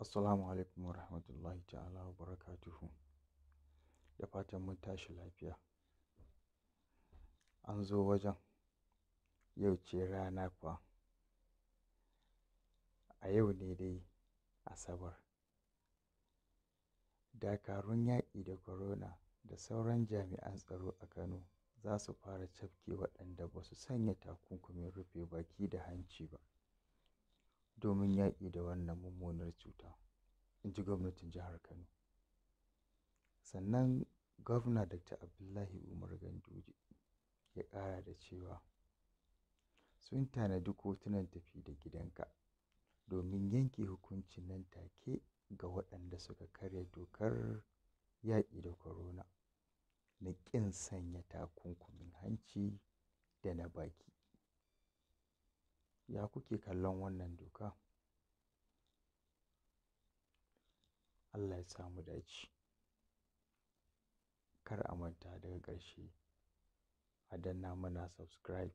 Assalamu alaikum wa rahmatullahi ta'ala wa barakatuhu. Da fatan mun tashi lafiya. An zo wajen, yau ce rana kuwa A yau ne dai Asabar. Dakarun yaƙi da Corona da sauran jami'an tsaro a Kano za su fara cafke waɗanda ba su sanya takunkumin rufe baki da hanci ba. domin yaƙi da wannan mummunar cuta, in ji gwamnatin Jihar Kano. Sannan Gwamna Dr. Abdullahi Umar Ganduje ya ƙara da cewa sun tanadi kotunan tafi-da-gidanka domin yanke hukunci nan take ga waɗanda suka karya dokar yaƙi da korona, na ƙin sanya takunkumin hanci da na baki. Ya kuke kallon wannan doka? Allah ya sa mu dace. Kar a manta daga ƙarshe a danna mana subscribe.